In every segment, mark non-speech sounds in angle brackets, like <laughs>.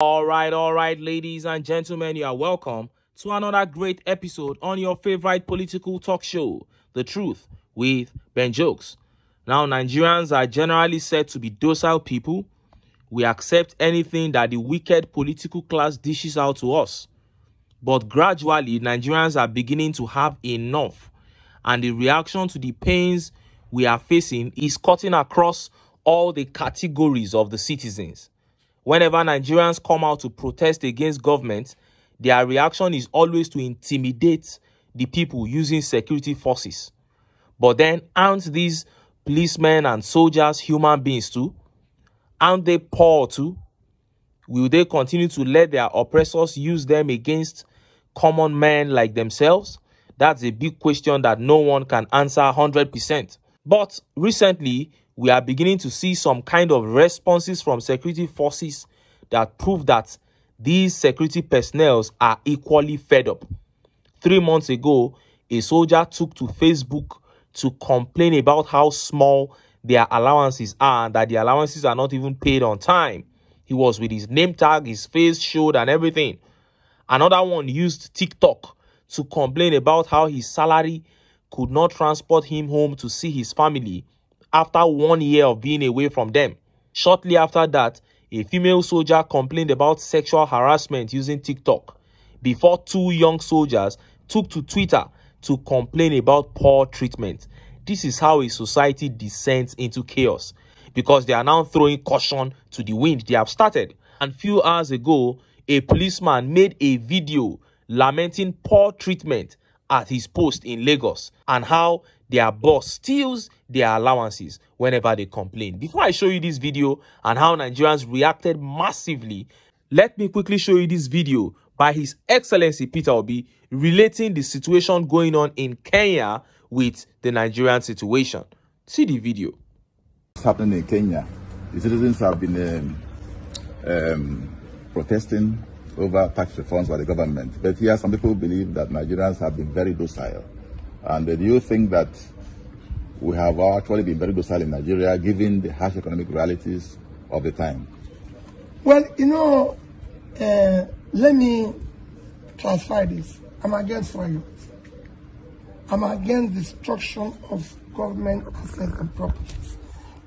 All right, all right, ladies and gentlemen, you are welcome to another great episode on your favorite political talk show, The Truth with Ben Jokes. Now, Nigerians are generally said to be docile people. We accept anything that the wicked political class dishes out to us. But gradually, Nigerians are beginning to have enough, and the reaction to the pains we are facing is cutting across all the categories of the citizens. Whenever Nigerians come out to protest against government, their reaction is always to intimidate the people using security forces. But then aren't these policemen and soldiers human beings too? Aren't they poor too? Will they continue to let their oppressors use them against common men like themselves? That's a big question that no one can answer 100%. But recently, we are beginning to see some kind of responses from security forces that prove that these security personnel are equally fed up. Three months ago, a soldier took to Facebook to complain about how small their allowances are and that the allowances are not even paid on time. He was with his name tag, his face showed and everything. Another one used TikTok to complain about how his salary could not transport him home to see his family after one year of being away from them. Shortly after that, a female soldier complained about sexual harassment using TikTok before two young soldiers took to Twitter to complain about poor treatment. This is how a society descends into chaos because they are now throwing caution to the wind they have started. And few hours ago, a policeman made a video lamenting poor treatment at his post in Lagos and how their boss steals their allowances whenever they complain. Before I show you this video and how Nigerians reacted massively, let me quickly show you this video by His Excellency Peter Obi relating the situation going on in Kenya with the Nigerian situation. See the video. What's happening in Kenya? The citizens have been um, um, protesting over tax reforms by the government. But here, some people believe that Nigerians have been very docile. And do you think that we have actually been very docile in Nigeria, given the harsh economic realities of the time? Well, you know, uh, let me clarify this. I'm against riot. I'm against destruction of government assets and properties.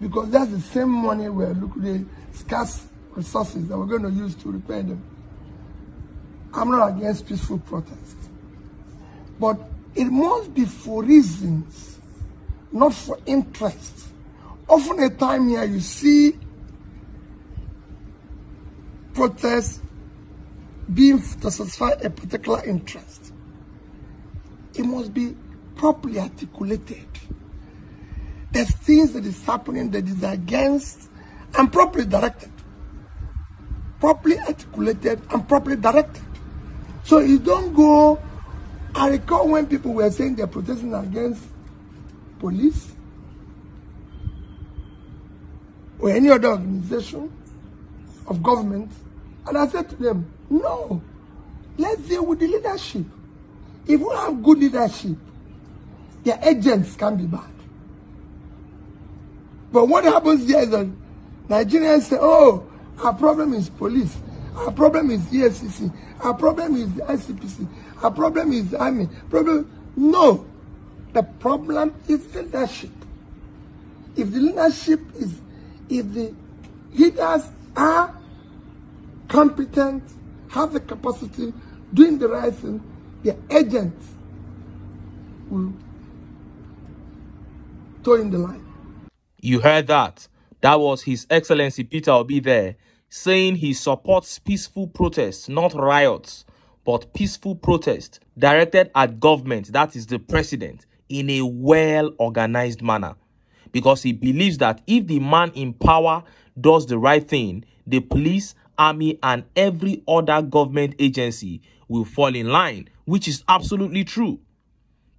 Because that's the same money we're looking at, scarce resources that we're going to use to repair them. I'm not against peaceful protest. But it must be for reasons, not for interest. Often a time here you see protests being to satisfy a particular interest. It must be properly articulated. There's things that is happening that is against and properly directed. Properly articulated and properly directed. So it don't go. I recall when people were saying they're protesting against police or any other organization of government. And I said to them, no, let's deal with the leadership. If we have good leadership, their agents can be bad. But what happens there is that Nigerians say, oh, our problem is police. Our problem is EFCC. Our problem is ICPC. Our problem is army. Problem? No. The problem is the leadership. If the leadership is, if the leaders are competent, have the capacity, doing the right thing, the agents will toe in the line. You heard that. That was His Excellency Peter Obi there saying he supports peaceful protests, not riots, but peaceful protests directed at government, that is the president, in a well-organized manner. Because he believes that if the man in power does the right thing, the police, army, and every other government agency will fall in line, which is absolutely true.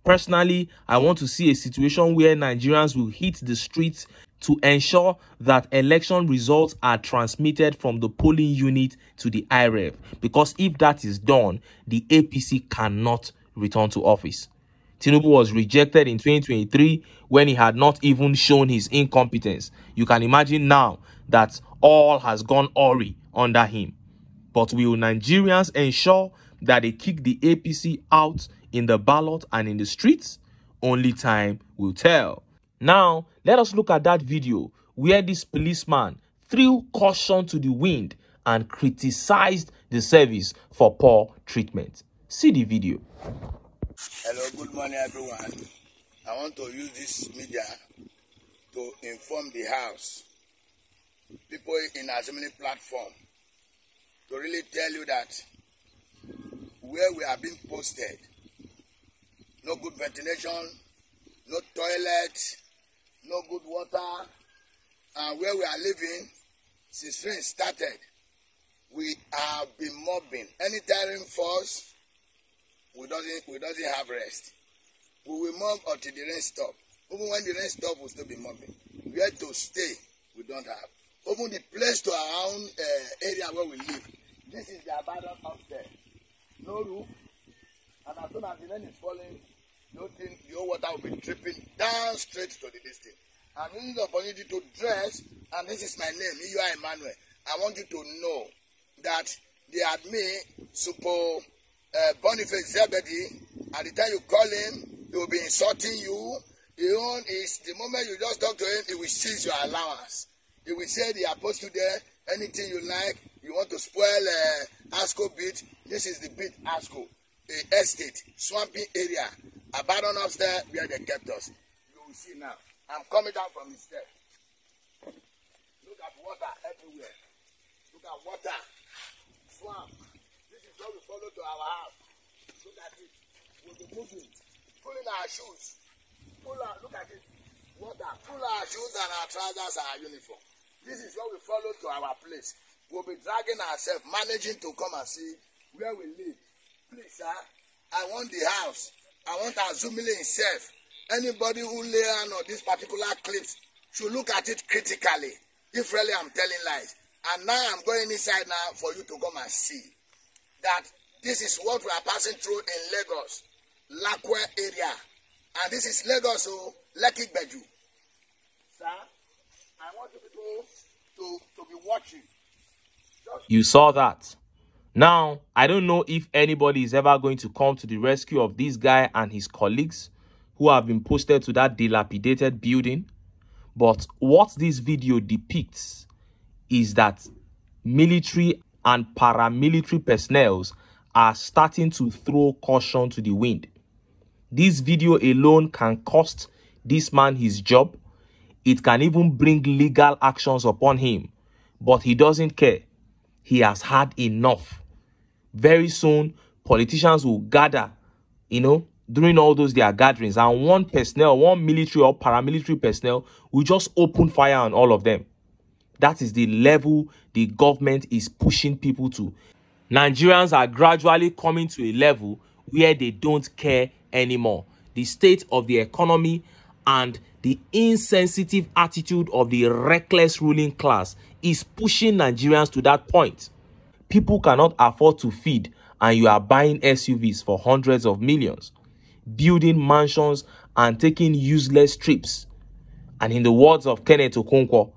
Personally, I want to see a situation where Nigerians will hit the streets to ensure that election results are transmitted from the polling unit to the IREF because if that is done, the APC cannot return to office. Tinubu was rejected in 2023 when he had not even shown his incompetence. You can imagine now that all has gone awry under him. But will Nigerians ensure that they kick the APC out in the ballot and in the streets? Only time will tell. Now, let us look at that video where this policeman threw caution to the wind and criticized the service for poor treatment. See the video. Hello, good morning, everyone. I want to use this media to inform the House, people in Assembly platform, to really tell you that where we are being posted, no good ventilation, no toilet, no good water, and where we are living, since rain started, we have been mobbing. Anytime rain falls, we doesn't we doesn't have rest. We will mob until the rain stop. Even when the rain stop, we still be mobbing. Where to stay, we don't have. Even the place to our own uh, area where we live. This is the abandoned there. No roof, and as soon as the rain is falling, No, thing, the whole water will be dripping down straight to the distance. I'm using the opportunity to dress, and this is my name, Iyua Emmanuel. I want you to know that the had me, Super uh, Boniface Zebedi, At the time you call him, he will be insulting you. The, own is, the moment you just talk to him, he will seize your allowance. He will say, the apostle there, anything you like, you want to spoil uh, Asco beat, this is the beat Asco, a estate, swampy area. Abandon upstairs where they kept us. You will see now. I'm coming down from the stairs. Look at water everywhere. Look at water. Swamp. This is what we follow to our house. Look at it. We'll be moving. Pulling our shoes. Pull our, look at it. Water. Pull our shoes and our trousers and our uniform. This is what we follow to our place. We'll be dragging ourselves, managing to come and see where we live. Please, sir. I want the house. I want Azumile himself, anybody who lay on this particular clip should look at it critically. If really I'm telling lies. And now I'm going inside now for you to come and see that this is what we are passing through in Lagos, Lakwe area. And this is Lagos, so oh, Lucky Beju. Sir, I want you people to, to be watching. Just you saw that. Now, I don't know if anybody is ever going to come to the rescue of this guy and his colleagues who have been posted to that dilapidated building. But what this video depicts is that military and paramilitary personnel are starting to throw caution to the wind. This video alone can cost this man his job. It can even bring legal actions upon him. But he doesn't care he has had enough. Very soon, politicians will gather, you know, during all those their gatherings, and one personnel, one military or paramilitary personnel will just open fire on all of them. That is the level the government is pushing people to. Nigerians are gradually coming to a level where they don't care anymore. The state of the economy and the insensitive attitude of the reckless ruling class is pushing Nigerians to that point. People cannot afford to feed and you are buying SUVs for hundreds of millions, building mansions and taking useless trips. And in the words of Kenneth Okonkwo,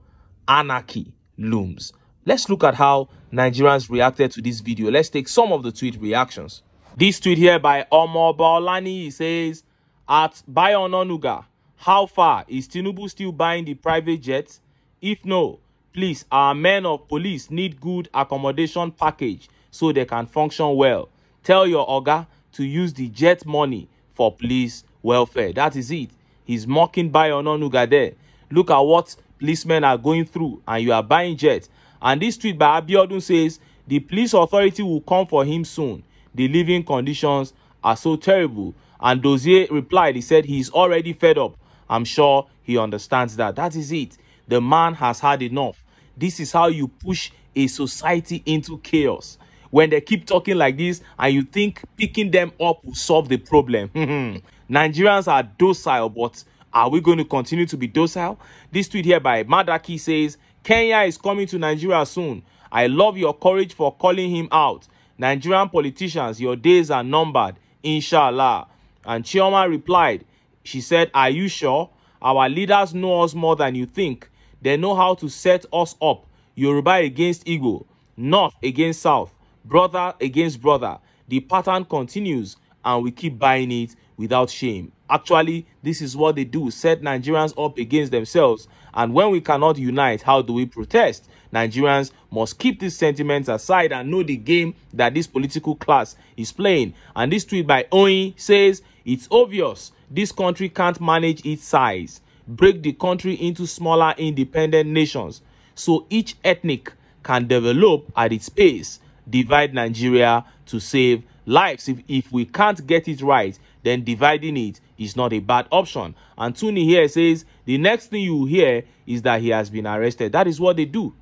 anarchy looms. Let's look at how Nigerians reacted to this video. Let's take some of the tweet reactions. This tweet here by Omo Baolani says, at Bayononuga, how far? Is Tinubu still buying the private jets? If no, please, our men of police need good accommodation package so they can function well. Tell your Oga to use the jet money for police welfare. That is it. He's mocking Bayonon there. Look at what policemen are going through and you are buying jets. And this tweet by Abiodun says, the police authority will come for him soon. The living conditions are so terrible. And Dozier replied, he said he is already fed up I'm sure he understands that. That is it. The man has had enough. This is how you push a society into chaos. When they keep talking like this and you think picking them up will solve the problem. <laughs> Nigerians are docile, but are we going to continue to be docile? This tweet here by Madaki says, Kenya is coming to Nigeria soon. I love your courage for calling him out. Nigerian politicians, your days are numbered. Inshallah. And Chioma replied, she said, Are you sure? Our leaders know us more than you think. They know how to set us up. Yoruba against Igbo, North against South, brother against brother. The pattern continues and we keep buying it without shame. Actually, this is what they do, set Nigerians up against themselves. And when we cannot unite, how do we protest? Nigerians must keep these sentiments aside and know the game that this political class is playing. And this tweet by Oin says, It's obvious this country can't manage its size. Break the country into smaller independent nations so each ethnic can develop at its pace. Divide Nigeria to save lives. If, if we can't get it right, then dividing it is not a bad option. And Tuni here says the next thing you hear is that he has been arrested. That is what they do.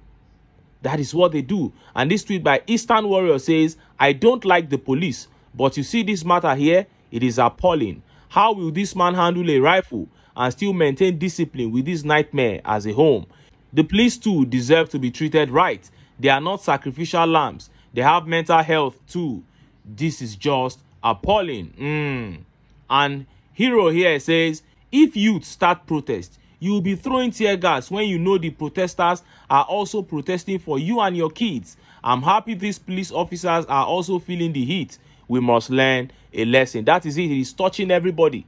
That is what they do. And this tweet by Eastern Warrior says, I don't like the police, but you see this matter here, it is appalling. How will this man handle a rifle and still maintain discipline with this nightmare as a home? The police too deserve to be treated right. They are not sacrificial lambs. They have mental health too. This is just appalling. Mm. And Hero here says, if youth start protest, you will be throwing tear gas when you know the protesters are also protesting for you and your kids. I'm happy these police officers are also feeling the heat. we must learn a lesson. That is it. It is touching everybody.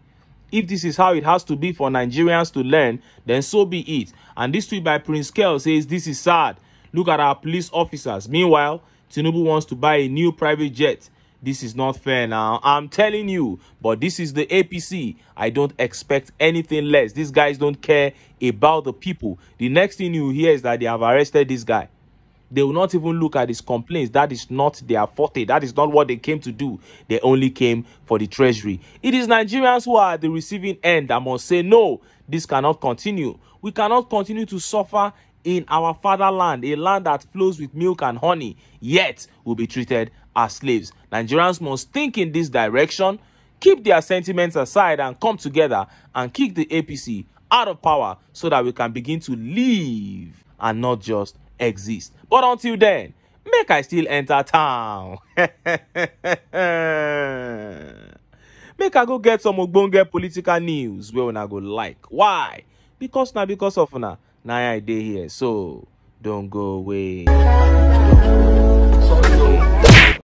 If this is how it has to be for Nigerians to learn, then so be it. And this tweet by Prince Kel says, This is sad. Look at our police officers. Meanwhile, Tinubu wants to buy a new private jet. This is not fair now. I'm telling you, but this is the APC. I don't expect anything less. These guys don't care about the people. The next thing you hear is that they have arrested this guy. They will not even look at his complaints. That is not their forte. That is not what they came to do. They only came for the treasury. It is Nigerians who are the receiving end I must say, no, this cannot continue. We cannot continue to suffer in our fatherland, a land that flows with milk and honey, yet will be treated as slaves. Nigerians must think in this direction, keep their sentiments aside and come together and kick the APC out of power so that we can begin to live and not just exist. But until then, make I still enter town. <laughs> make I go get some ogbonge political news wey una go like. Why? Because na because of una na I here. So, don't go away. Don't go away.